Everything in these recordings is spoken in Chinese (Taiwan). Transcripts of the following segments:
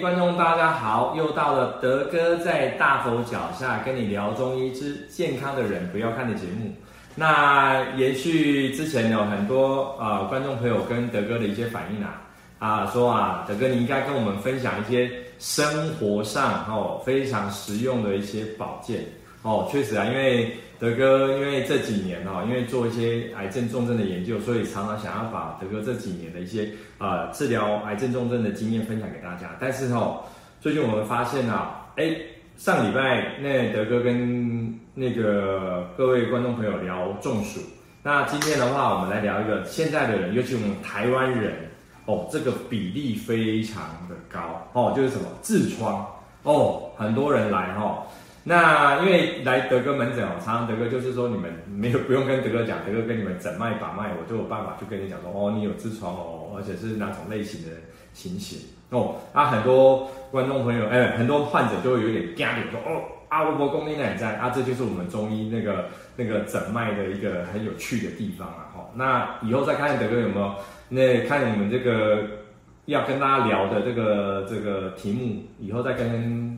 各位觀眾大家好，又到了德哥在大佛腳下跟你聊中醫之健康的人不要看的節目。那也許之前有很多呃觀眾朋友跟德哥的一些反應啊，啊、呃、說啊，德哥你應該跟我們分享一些生活上哦非常實用的一些保健哦，確實啊，因為。德哥，因為這幾年哈，因為做一些癌症重症的研究，所以常常想要把德哥這幾年的一些啊、呃、治療癌症重症的經驗分享給大家。但是哈、哦，最近我們發現啊，哎，上禮拜那德哥跟那個各位觀眾朋友聊中暑，那今天的話，我們來聊一個現在的人，尤其我們台灣人哦，這個比例非常的高哦，就是什麼痔瘡哦，很多人來哈。哦那因為來德哥門診哦，常常德哥就是說，你們沒有不用跟德哥講，德哥跟你們診脈把脈，我就有辦法去跟你講說哦，你有痔瘡哦，而且是哪種類型的情形、形哦。啊，很多觀眾朋友哎，很多患者都會有點尬臉說哦，阿、啊、我卜攻你呢，在啊，這就是我們中醫那個那個診脈的一個很有趣的地方了、啊、哈、哦。那以後再看德哥有沒有那看你們這個要跟大家聊的這個這個題目，以後再跟。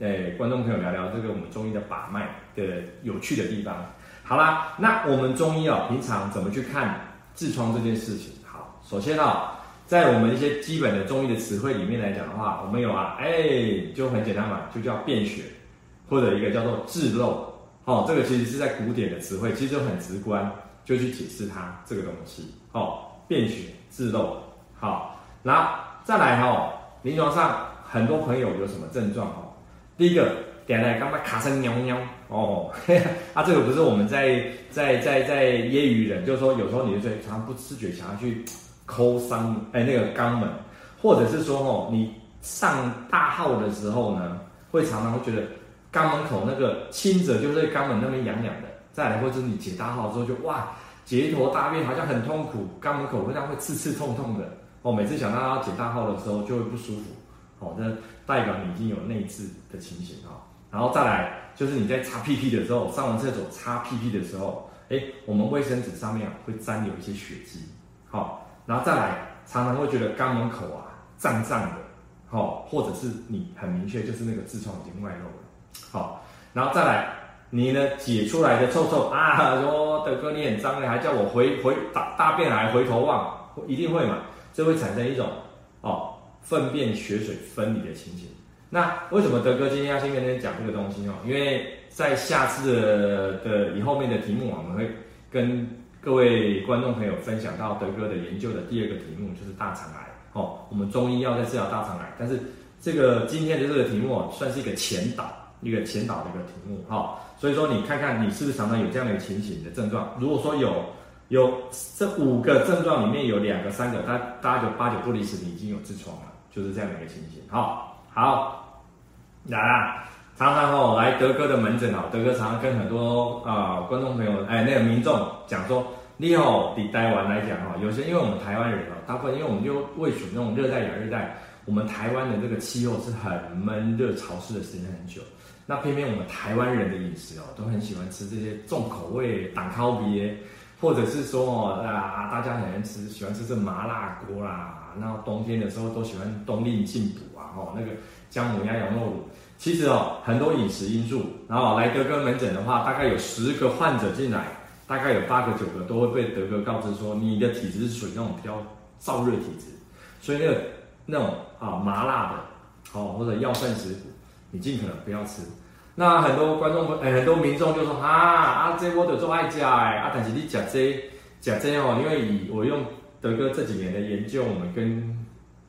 誒、哎，觀眾朋友聊聊這個我們中醫的把脈的有趣的地方。好啦，那我們中醫哦，平常怎麼去看痔瘡這件事情？好，首先哦，在我們一些基本的中醫的詞彙裡面來講的話，我們有啊，誒、哎，就很簡單嘛，就叫便血或者一個叫做痔漏。好、哦，這個其實是在古典的詞彙，其實就很直觀就去解釋它這個東西。好、哦，便血、痔漏。好，那再來哦，臨床上很多朋友有什麼症狀？第一個，點來，幹嘛卡成尿尿哦呵呵？啊，這個不是我們在在在在，在揶揄人，就是說有時候你的嘴常常不自覺想要去摳傷哎那個肛門，或者是說哦你上大號的時候呢，會常常會覺得肛門口那個輕者就是在肛門那邊癢癢的，再來或者是你解大號之後就哇解一坨大便好像很痛苦，肛門口會這樣會刺刺痛痛的哦，每次想到要解大號的時候就會不舒服。哦，這代表你已經有內痔的情形啊、哦，然後再來就是你在擦屁屁的時候，上完廁所擦屁屁的時候，誒，我們衛生紙上面、啊、會沾有一些血跡，好、哦，然後再來常常會覺得肛門口啊脹脹的，好、哦，或者是你很明確就是那個痔瘡已經外露了，好、哦，然後再來你呢解出來的臭臭啊，說德哥你很髒嘞，還叫我回回大大便來回頭望，一定會嘛，就會產生一種。糞便血水分離的情形，那為什麼德哥今天要先跟大家講這個東西哦？因為在下次的、的以後面的題目，我們會跟各位觀眾朋友分享到德哥的研究的第二個題目，就是大腸癌哦。我們中醫要在治療大腸癌，但是這個今天的這個題目算是一個前導，一個前導的一個題目哈、哦。所以說，你看看你是不是常常有這樣的一個情形、的症狀？如果說有有這五個症狀裡面有兩個、三個，大大家就八九不離十，你已經有痔瘡了。就是這樣的一個情形。好好，來啦，常常哦，來德哥的門診哦，德哥常常跟很多呃觀眾朋友哎，那個民眾講說，你好，對台灣來講哈、哦，有些因為我們台灣人哦，大部分因為我們就位於那種熱帶亞熱帶，我們台灣的這個氣候是很悶熱潮濕的時間很久。那偏偏我們台灣人的飲食哦，都很喜歡吃這些重口味、黨烤別。或者是說啊，大家很喜歡吃，喜歡吃這麻辣鍋啦、啊。然後冬天的時候都喜歡冬令進補啊，哦，那個薑母鴨、羊肉爐。其實哦，很多飲食因素，然後來德哥門診的話，大概有十個患者進來，大概有八個、九個都會被德哥告知說，你的體質是屬於那種比較燥熱體質，所以那個那種啊麻辣的，哦，或者藥膳食補，你盡可能不要吃。那很多觀眾朋誒，很多民眾就說，啊啊，這我都做愛家，哎，啊，但是你講這講這哦，因為以我用德哥這幾年的研究，我們跟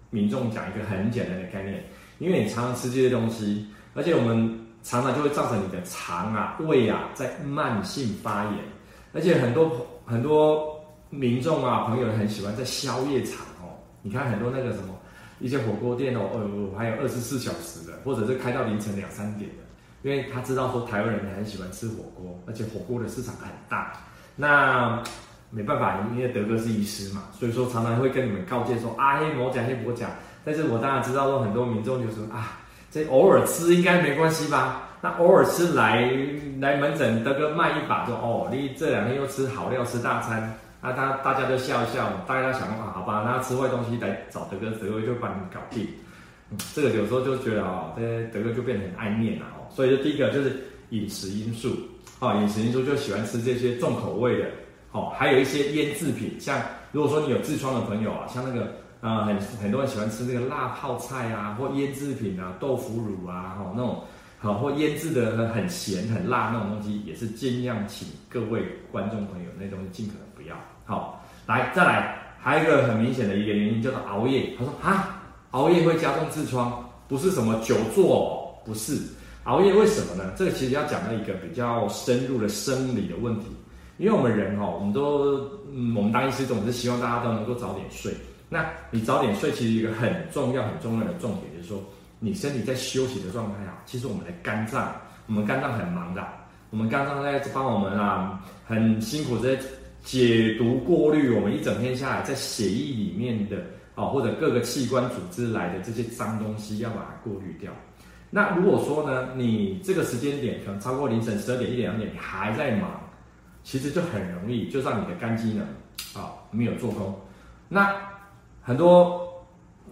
民眾講一個很簡單的概念，因為你常常吃這些東西，而且我們常常就會造成你的腸啊、胃啊在慢性發炎，而且很多很多民眾啊、朋友很喜歡在宵夜場哦，你看很多那個什麼一些火鍋店哦，呃，還有二十四小時的，或者是開到凌晨兩三點。因為他知道說台灣人很喜歡吃火鍋，而且火鍋的市場很大，那沒辦法，因為德哥是醫師嘛，所以說常常會跟你們告誡說阿黑某講，先、啊、不講。但是我當然知道說很多民眾就說啊，這偶爾吃應該沒關係吧？那偶爾吃來來門診，德哥賣一把說哦，你這兩天又吃好料，吃大餐，那、啊、大家都笑一笑，大家想辦法、啊，好吧？那吃壞東西來找德哥，德哥就幫你搞定。嗯、這個有時候就覺得啊、哦，這些德哥就變得很愛念了哦。所以，第一個就是飲食因素，哦，飲食因素就喜歡吃這些重口味的，哦，還有一些醃製品，像如果說你有痔瘡的朋友啊，像那個，啊、呃，很很多人喜歡吃那個辣泡菜啊，或醃製品啊，豆腐乳啊，哦，那種，好、哦，或醃製的很，很鹹很辣那種東西，也是盡量請各位觀眾朋友那東西盡可能不要。好、哦，來再來，還有一個很明顯的一個原因叫做、就是、熬夜。他說啊。熬夜會加重痔瘡，不是什麼久坐，不是熬夜，為什麼呢？這個其實要講到一個比較深入的生理的問題。因為我們人哈、哦，我們都、嗯，我們當醫師總是希望大家都能夠早點睡。那你早點睡，其實一個很重要、很重要的重點，就是說你身體在休息的狀態啊，其實我們的肝臟，我們肝臟很忙的，我們肝臟在幫我們啊，很辛苦在解毒過濾我們一整天下來在血液裡面的。或者各個器官組織來的這些髒東西，要把它過濾掉。那如果說呢，你這個時間點可能超過凌晨十二點一點兩點，你還在忙，其實就很容易就讓你的肝機能啊沒有做工。那很多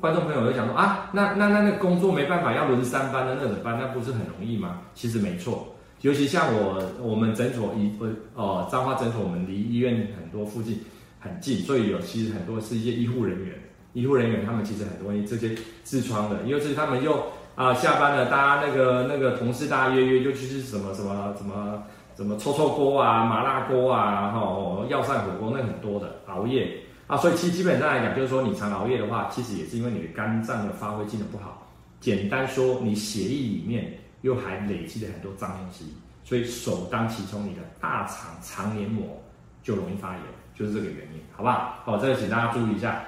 觀眾朋友會講說啊，那那那那工作沒辦法，要輪三班的、輪、那個、班，那不是很容易嗎？其實沒錯，尤其像我我們診所醫呃哦彰化診所，我們離醫院很多附近很近，所以有其實很多是一些醫護人員。醫護人員他們其實很容易這些痔瘡的，尤其是他們又啊、呃、下班了，大家那個那個同事大家約約就去吃什麼什麼什麼什麼，什麼臭臭鍋啊、麻辣鍋啊，然後藥膳火鍋，那很多的熬夜啊，所以其實基本上來講，就是說你常熬夜的話，其實也是因為你的肝臟的發揮機能不好，簡單說你血液裡面又還累積了很多髒東西，所以首當其衝你的大腸腸黏膜就容易發炎，就是這個原因，好不好？好、哦，這個請大家注意一下。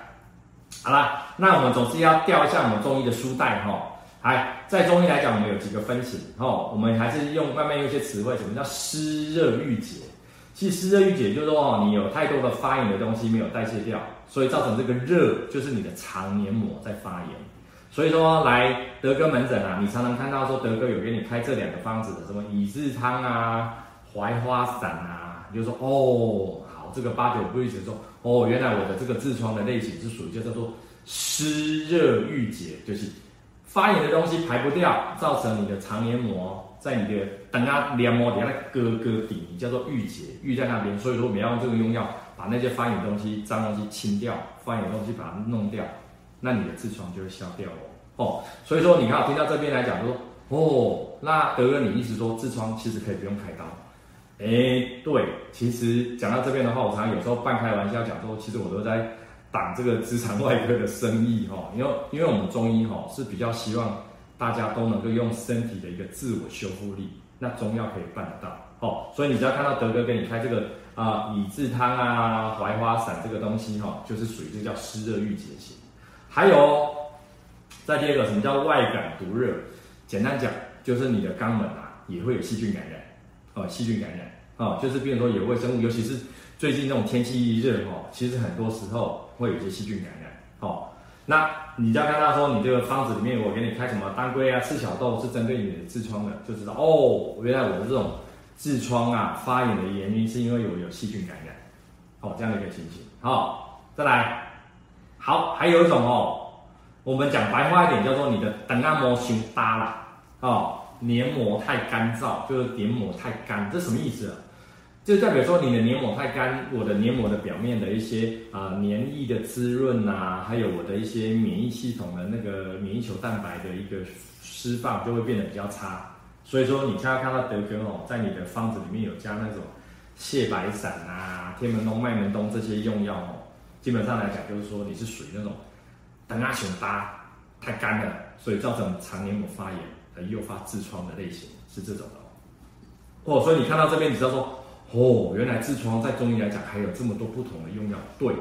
好啦，那我們總是要掉一下我們中醫的書袋齁。哎，在中醫來講，我們有幾個分型哦，我們還是用慢慢用一些詞彙，什麼叫濕熱鬱結？其實濕熱鬱結就是說哦，你有太多的發炎的東西沒有代謝掉，所以造成這個熱，就是你的腸黏膜在發炎。所以說來德哥門診啊，你常常看到說德哥有給你開這兩個方子的，什麼乙字湯啊、槐花散啊，你就說哦，好，這個八九不離十。哦，原來我的這個痔瘡的類型是屬於叫做濕熱鬱結，就是發炎的東西排不掉，造成你的腸黏膜在你的等它黏膜底下在疙疙底，叫做鬱結，鬱在那邊。所以說我們要用這個用藥，把那些發炎的東西、髒東西清掉，發炎的東西把它弄掉，那你的痔瘡就會消掉哦。哦，所以說你看我聽到這邊來講，說哦，那得了你意思說痔瘡其實可以不用開刀。誒、欸，對，其實講到這邊的話，我常常有時候半開玩笑講說，其實我都在擋這個直腸外科的生意哈，因為因為我們中醫哈是比較希望大家都能夠用身體的一個自我修復力，那中藥可以辦得到，哦，所以你只要看到德哥給你開這個啊、呃、米制湯啊、槐花散這個東西哈，就是屬於這叫濕熱鬱結型，還有再第二個什麼叫外感毒熱，簡單講就是你的肛門啊也會有細菌感染。哦，細菌感染哦，就是比如說有微生物，尤其是最近這種天氣一熱哈、哦，其實很多時候會有些細菌感染。哦，那你在看他說你這個方子裡面我給你開什麼當歸啊、赤小豆，是針對你的痔瘡的，就知道哦，原來我的這種痔瘡啊發炎的原因是因為我有細菌感染。哦，這樣的一個情形。好、哦，再來，好，還有一種哦，我們講白話一點叫做你的肛納膜球大了。哦。黏膜太乾燥，就是黏膜太乾，這什麼意思啊？就代表說你的黏膜太乾，我的黏膜的表面的一些啊、呃、黏液的滋潤啊，還有我的一些免疫系統的那個免疫球蛋白的一個釋放就會變得比較差。所以說你剛才看到德哥哦，在你的方子裡面有加那種瀉白散啊、天門冬、麥門冬這些用藥哦，基本上來講就是說你是屬於那種膽囊腫發，太乾了，所以造成腸黏膜發炎。誘發痔瘡的類型是這種的哦，所以你看到這邊，你知道說，哦，原來痔瘡在中醫來講還有這麼多不同的用藥對，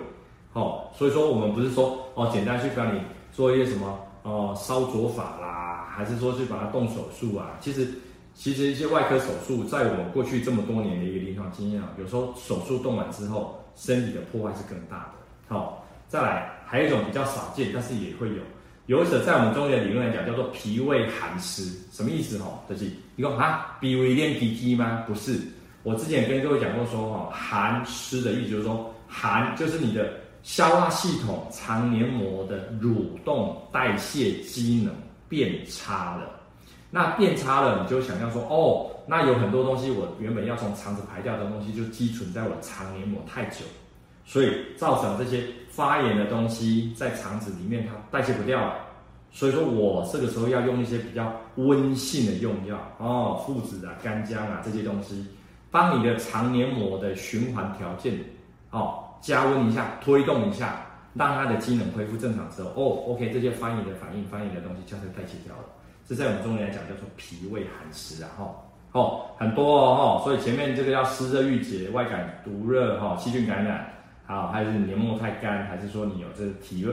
哦，所以說我們不是說哦，簡單去幫你做一些什麼哦燒灼法啦，還是說去把它動手術啊？其實，其實一些外科手術，在我過去這麼多年的一個臨床經驗啊，有時候手術動完之後，身體的破壞是更大的。好，哦，再來，還有一種比較少見，但是也會有。有一種，在我們中醫的理論來講，叫做脾胃寒濕，什麼意思哈？就是你說啊，脾胃練脾氣嗎？不是，我之前也跟各位講過，說哈，寒濕的意思就是說，寒就是你的消化系統、腸黏膜的蠕動代謝機能變差了。那變差了，你就想要說，哦，那有很多東西，我原本要從腸子排掉的東西，就積存在我的腸黏膜太久。所以造成這些發炎的東西在腸子裡面，它代謝不掉了。所以說我這個時候要用一些比較溫性的用藥哦，附子啊、乾薑啊這些東西，幫你的腸黏膜的循環條件哦，加溫一下，推動一下，讓它的機能恢復正常之後哦，OK，這些發炎的反應、發炎的東西就是代謝掉了。這在我們中醫來講，叫做脾胃寒濕啊，哈、哦，哦，很多哦，哦，所以前面這個叫濕熱鬱結、外感毒熱、哈、哦，細菌感染。啊，還是黏膜太乾，還是說你有這個體熱？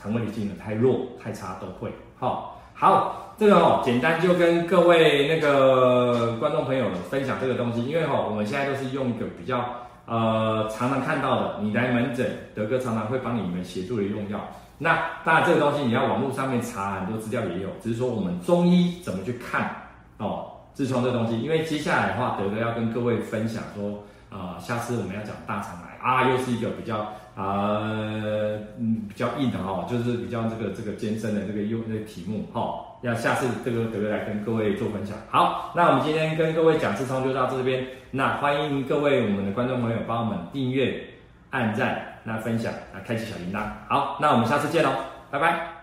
腸胃的機能太弱、太差，都會。好、哦，好，這個哦，簡單就跟各位那個觀眾朋友們分享這個東西，因為哈、哦，我們現在都是用一個比較呃常常看到的，你來門診，德哥常常會幫你們協助的用藥。那當然，這個東西你要網絡上面查，很多資料也有，只是說我們中醫怎麼去看哦，痔瘡這東西。因為接下來的話，德哥要跟各位分享說，啊、呃，下次我們要講大腸癌。啊，又是一個比較啊、呃，嗯，比較硬的哈、哦，就是比較這個這個艱深的這個用那、這個題目哈，那、哦、下次這個得來跟各位做分享。好，那我們今天跟各位講痔瘡就到這邊，那歡迎各位我們的觀眾朋友幫我們訂閱、按讚、那分享，那開啟小鈴鐺。好，那我們下次見嘍，拜拜。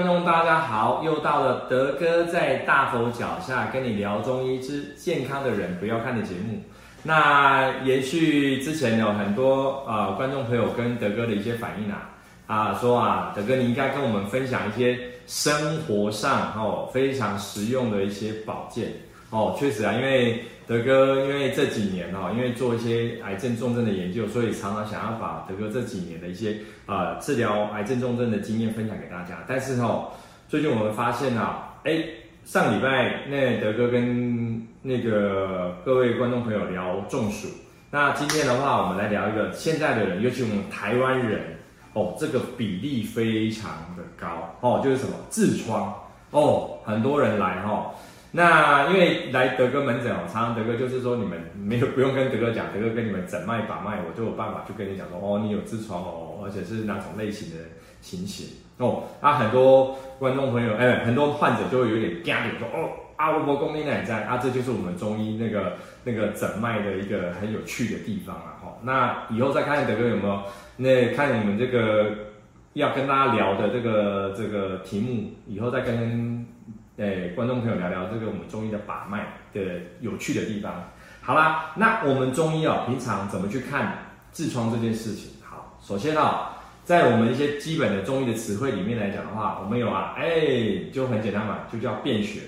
觀眾大家好，又到了德哥在大佛腳下跟你聊中醫之健康的人不要看的節目。那延續之前有很多啊、呃、觀眾朋友跟德哥的一些反應啊啊、呃、說啊，德哥你應該跟我們分享一些生活上哦非常實用的一些保健哦，確實啊，因為德哥，因為這幾年哈，因為做一些癌症重症的研究，所以常常想要把德哥這幾年的一些啊、呃、治療癌症重症的經驗分享給大家。但是哈、哦，最近我們發現、哦、誒上禮拜那德哥跟那個各位觀眾朋友聊中暑，那今天的話，我們來聊一個現在的人，尤其我們臺灣人哦，這個比例非常的高哦，就是什麼？痔瘡哦，很多人來哈。哦那因為來德哥門診哦，常,常德哥就是說你們沒有不用跟德哥講，德哥跟你們診脈把脈，我就有辦法去跟你講說哦，你有痔瘡哦，而且是哪種類型的情形,形哦。啊，很多觀眾朋友哎，很多患者就會有點尬，的說哦，阿羅伯公你很讚啊，這就是我們中醫那個那個診脈的一個很有趣的地方啊。哈、哦。那以後再看德哥有沒有那看你們這個要跟大家聊的這個這個題目，以後再跟。哎、欸，觀眾朋友聊聊這個我們中醫的把脈的有趣的地方。好啦，那我們中醫啊，平常怎麼去看痔瘡這件事情？好，首先哦，在我們一些基本的中醫的詞彙裡面來講的話，我們有啊，哎、欸，就很簡單嘛，就叫便血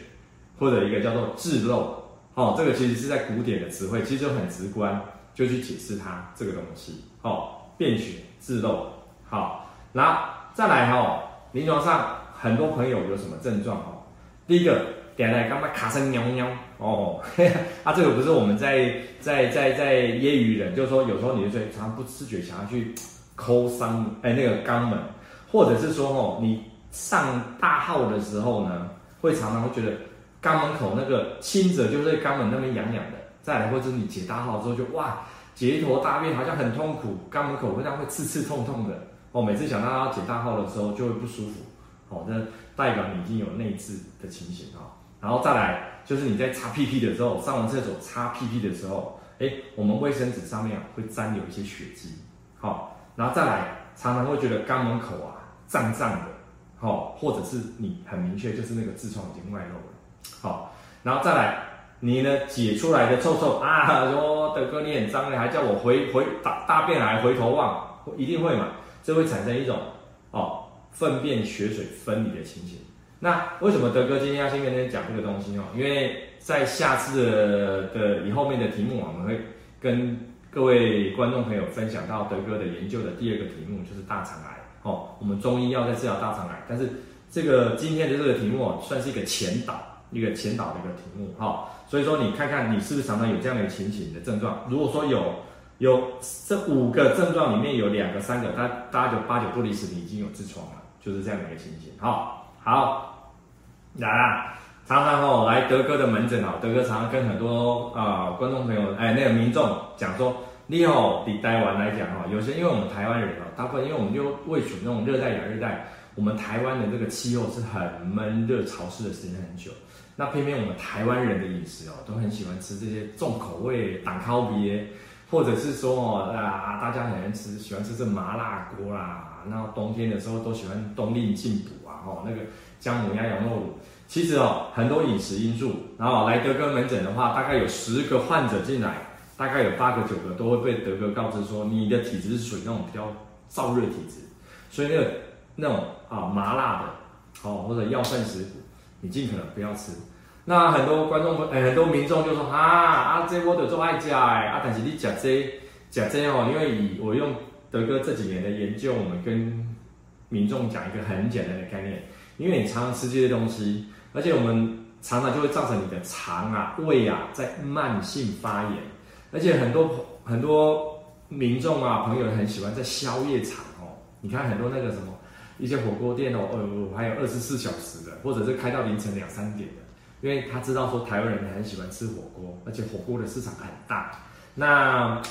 或者一個叫做痔漏。好、哦，這個其實是在古典的詞彙，其實就很直觀，就去解釋它這個東西。好、哦，便血、痔漏。好，那再來哦，臨床上很多朋友有什麼症狀？第一個，點來，幹嘛卡聲尿尿哦呵呵？啊，這個不是我們在在在在，在揶揄人，就是說有時候你嘴常，常不自覺想要去摳傷哎那個肛門，或者是說哦你上大號的時候呢，會常常會覺得肛門口那個輕則就是在肛門那邊癢癢的，再來或者是你解大號之後就哇解一坨大便好像很痛苦，肛門口會這樣會刺刺痛痛的哦，每次想到要解大號的時候就會不舒服。哦，這代表你已經有內痔的情形啊、哦，然後再來就是你在擦屁屁的時候，上完廁所擦屁屁的時候，誒，我們衛生紙上面、啊、會沾有一些血跡，好、哦，然後再來常常會覺得肛門口啊脹脹的，好、哦，或者是你很明確就是那個痔瘡已經外露了，好、哦，然後再來你呢解出來的臭臭啊，說德哥你很髒你還叫我回回大大便來回頭望，一定會嘛，就會產生一種。糞便血水分離的情形，那為什麼德哥今天要先跟大家講這個東西哦？因為在下次的以後面的題目，我們會跟各位觀眾朋友分享到德哥的研究的第二個題目，就是大腸癌。哦，我們中醫要在治療大腸癌，但是這個今天的這個題目算是一個前導，一個前導的一個題目哈、哦。所以說，你看看你是不是常常有這樣的一個情形的症狀？如果說有，有這五個症狀裡面有兩個、三個，大大就八九，八九不離十，你已經有痔瘡了。就是這樣的一個情形。好好，來啦，常常哦來德哥的門診哦，德哥常常跟很多呃觀眾朋友哎，那個民眾講說，你好，你台灣來講哈、哦，有些因為我們台灣人哦，大部分因為我們就位處那種熱帶亞熱帶，我們台灣的這個氣候是很悶熱潮濕的時間很久。那偏偏我們台灣人的飲食哦，都很喜歡吃這些重口味、擋烤別，或者是說啊，大家很喜歡吃，喜歡吃這麻辣鍋啦。那冬天的時候都喜歡冬令進補啊，吼、哦，那個薑母鴨、羊肉爐，其實哦，很多飲食因素。然後來德哥門診的話，大概有十個患者進來，大概有八個、九個都會被德哥告知說，你的體質是屬於那種比較燥熱的體質，所以那那種啊麻辣的，哦或者藥膳食補，你儘可能不要吃。那很多觀眾，哎、很多民眾就說，啊啊，這我就愛吃哎，啊，但是你吃這個、吃這哦，因為以我用。德哥這幾年的研究，我們跟民眾講一個很簡單的概念，因為你常常吃這些東西，而且我們常常就會造成你的腸啊、胃啊在慢性發炎，而且很多很多民眾啊、朋友很喜歡在宵夜場哦，你看很多那個什麼一些火鍋店哦，呃，還有二十四小時的，或者是開到凌晨兩三點的，因為他知道說台灣人很喜歡吃火鍋，而且火鍋的市場很大，那，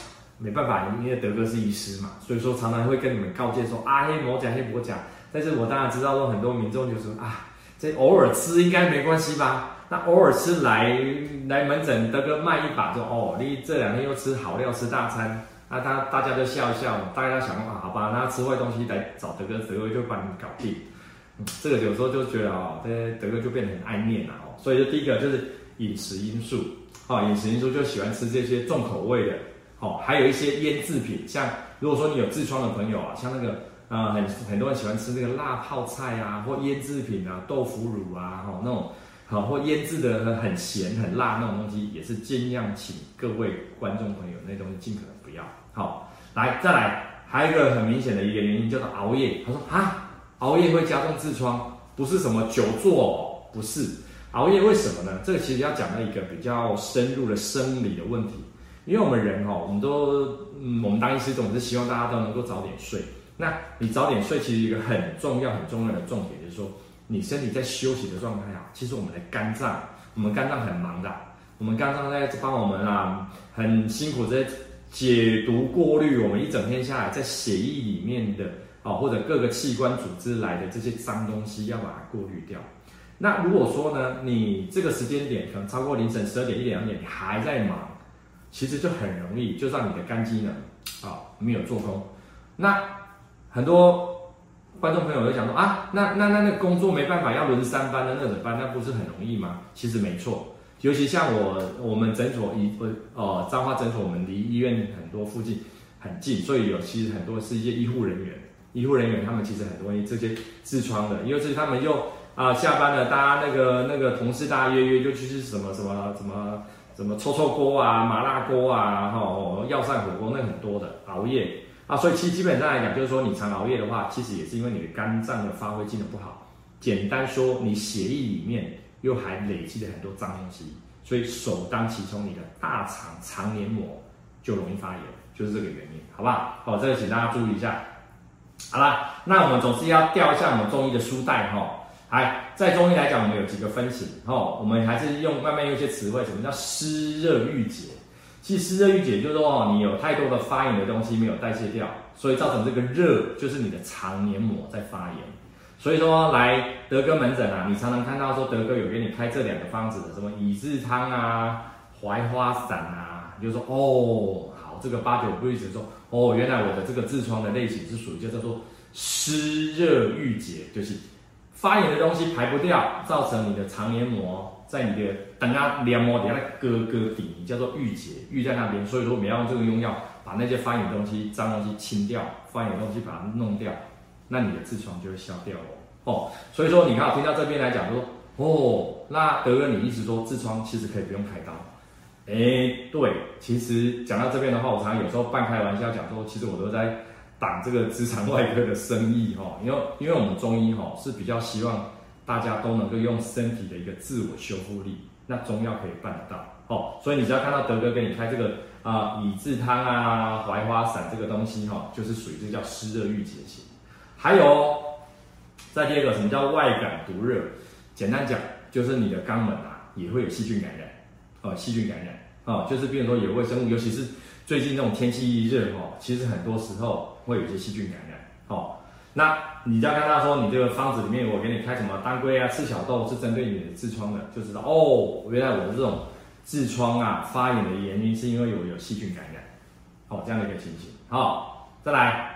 沒辦法，因為德哥是醫師嘛，所以說常常會跟你們告誡說啊，黑魔甲、黑魔甲。但是我當然知道說很多民眾就說，啊，這偶爾吃應該沒關係吧？那偶爾吃來來門診，德哥賣一把說哦，你這兩天又吃好料、吃大餐，那、啊、大大家都笑一笑，大家想啊，好吧，那吃壞東西來找德哥，德哥就幫你搞定、嗯。這個有時候就覺得哦，這德哥就變得很愛念了哦。所以說第一個就是飲食因素，啊、哦，飲食因素就喜歡吃這些重口味的。好、哦，還有一些醃製品，像如果說你有痔瘡的朋友啊，像那個，呃，很很多人喜歡吃那個辣泡菜啊，或醃製品啊，豆腐乳啊，哈、哦，那種，好、哦，或醃製的很，很鹹很辣那種東西，也是盡量請各位觀眾朋友那東西盡可能不要。好、哦，來再來，還有一個很明顯的一個原因叫做熬夜。他說啊，熬夜會加重痔瘡，不是什麼久坐，哦，不是，熬夜為什麼呢？這個其實要講到一個比較深入的生理的問題。因為我們人哦，我們都、嗯，我們當醫師總是希望大家都能夠早點睡。那你早點睡，其實一個很重要、很重要的重點就是說，你身體在休息的狀態啊，其實我們的肝臟，我們肝臟很忙的，我們肝臟在幫我們啊，很辛苦在解毒過濾我們一整天下來在血液裡面的啊，或者各個器官組織來的這些髒東西要把它過濾掉。那如果說呢，你這個時間點可能超過凌晨十二點一兩點，1, 2, 3, 你還在忙。其實就很容易，就讓你的肝機能啊沒有做功。那很多觀眾朋友就想說啊，那那那那工作沒辦法要輪三班的那種班，那不是很容易嗎？其實沒錯，尤其像我我們診所醫不哦彰化診所，我們離醫院很多附近很近，所以有其實很多是一些醫護人員，醫護人員他們其實很容易這些痔瘡的，因為是他們又啊、呃、下班了，大家那個那個同事大家約約就去吃什麼什麼什麼。什麼什麼什麼臭臭鍋啊，麻辣鍋啊，吼，藥膳火鍋那很多的，熬夜啊，所以其實基本上來講，就是說你常熬夜的話，其實也是因為你的肝臟的發揮機能不好，簡單說，你血液裡面又還累積了很多髒東西，所以首當其衝，你的大腸腸黏膜就容易發炎，就是這個原因，好不好？好、哦，這個請大家注意一下。好啦，那我們總是要掉一下我們中醫的書袋，吼、哦。來，在中醫來講，我們有幾個分型哦。我們還是用慢慢用一些詞彙，什麼叫濕熱鬱結？其實濕熱鬱結就是說哦，你有太多的發炎的東西沒有代謝掉，所以造成這個熱，就是你的腸黏膜在發炎。所以說來德哥門診啊，你常常看到說德哥有給你開這兩個方子的，什麼乙字湯啊、槐花散啊，你就是說哦，好，這個八九不離十，說哦，原來我的這個痔瘡的類型是屬於叫叫做濕熱鬱結，就是。發炎的東西排不掉，造成你的腸黏膜在你的等它黏膜底下在疙疙瘩，叫做鬱結，鬱在那邊。所以說我們要用這個用藥把那些發炎的東西、髒東西清掉，發炎的東西把它弄掉，那你的痔瘡就會消掉了。哦，所以說你看聽到這邊來講，就說哦，那德哥你意思說痔瘡其實可以不用開刀？哎，對，其實講到這邊的話，我常常有時候半開玩笑講說，其實我都在。擋這個直腸外科的生意哈，因為因為我們中醫哈是比較希望大家都能夠用身體的一個自我修復力，那中藥可以辦得到哦。所以你只要看到德哥給你開這個啊、呃，乙字湯啊，槐花散這個東西哈，就是屬於這個叫濕熱鬱結型。還有再第二個，什麼叫外感毒熱？簡單講就是你的肛門啊也會有細菌感染哦、呃。細菌感染哦、呃，就是比如說有微生物，尤其是最近這種天氣一熱哈，其實很多時候。會有些細菌感染，好、哦，那你就要跟他說，你這個方子裡面我給你開什麼當歸啊赤小豆是針對你的痔瘡的，就知道哦，我原來我的這種痔瘡啊發炎的原因是因為我有細菌感染，哦，這樣的一個情形，好、哦，再來，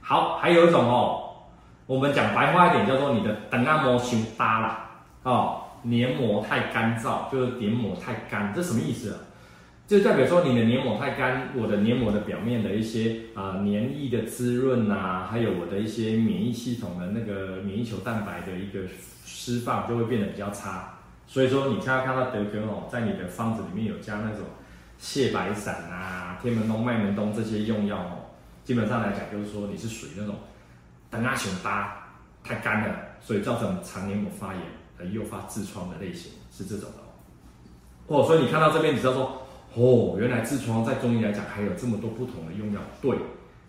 好，還有一種哦，我們講白話一點叫做你的等按膜型耷了，哦，黏膜太乾燥，就是黏膜太乾，這什麼意思、啊？就代表說你的黏膜太乾，我的黏膜的表面的一些啊黏、呃、液的滋潤吶、啊，還有我的一些免疫系統的那個免疫球蛋白的一個釋放就會變得比較差。所以說你看到看到德格哦，在你的方子裡面有加那種瀉白散啊、天門冬、麥門冬這些用藥哦，基本上來講就是說你是屬於那種膽囊腫大太乾了，所以造成腸黏膜發炎而誘發痔瘡的類型是這種的哦。哦，所以你看到這邊你知道說。哦，原來痔瘡在中醫來講還有這麼多不同的用藥。對，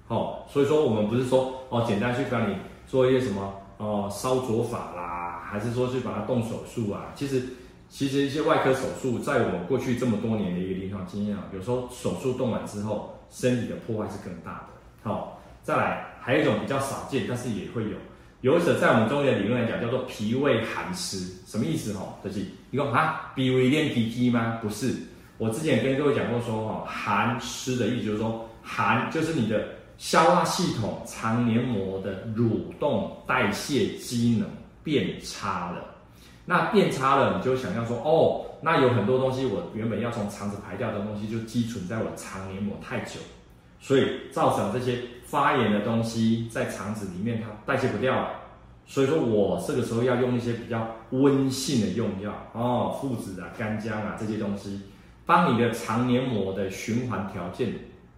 哦，所以說我們不是說哦，簡單去幫你做一些什麼哦、呃、燒灼法啦，還是說去把它動手術啊？其實，其實一些外科手術，在我過去這麼多年的一個臨床經驗啊，有時候手術動完之後，身體的破壞是更大的。哦，再來，還有一種比較少見，但是也會有，有一種在我們中醫的理論來講叫做脾胃寒濕，什麼意思？吼、哦，就是你講啊，脾胃練脾氣嗎？不是。我之前也跟各位講過說，說哈寒濕的意思就是說寒就是你的消化系統腸黏膜的蠕動代謝機能變差了，那變差了，你就想象說哦，那有很多東西我原本要從腸子排掉的東西就積存在我腸黏膜太久，所以造成這些發炎的東西在腸子裡面它代謝不掉了，所以說我這個時候要用一些比較溫性的用藥哦，附子啊、乾薑啊這些東西。幫你的腸黏膜的循環條件，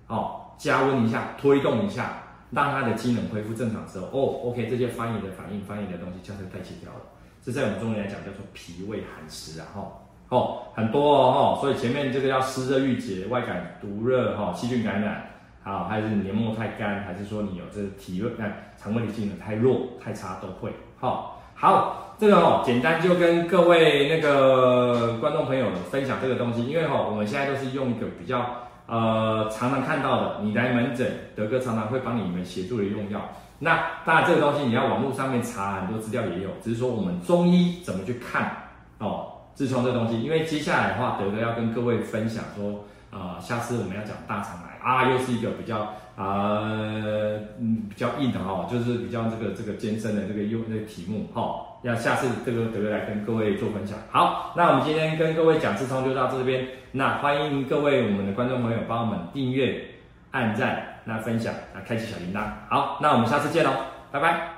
哦，加溫一下，推動一下，讓它的機能恢復正常的時候，哦，OK，這些翻譯的反應、翻譯的東西就代謝掉了，這在我們中醫來講叫做脾胃寒濕啊，哈、哦，哦，很多哦，哦，所以前面這個要濕熱鬱結、外感毒熱、哈、哦，細菌感染，好、哦，還是黏膜太乾，還是說你有這個體熱，那腸胃的機能太弱、太差都會，哈、哦，好。這個哦，簡單就跟各位那個觀眾朋友分享這個東西，因為哈、哦，我們現在都是用一個比較呃常常看到的，你來門診，德哥常常會幫你們協助的用藥。那當然這個東西你要網絡上面查很多資料也有，只是說我們中醫怎麼去看哦，痔瘡這個東西。因為接下來的話，德哥要跟各位分享說，啊、呃，下次我們要講大腸癌啊，又是一個比較啊嗯、呃、比較硬的哦，就是比較這個這個艱深的這個用那、這個題目哈。哦那下次這個德來跟各位做分享。好，那我們今天跟各位講痔瘡就到這邊。那歡迎各位我們的觀眾朋友幫我們訂閱、按贊、那分享、那開啟小鈴鐺。好，那我們下次見嘍，拜拜。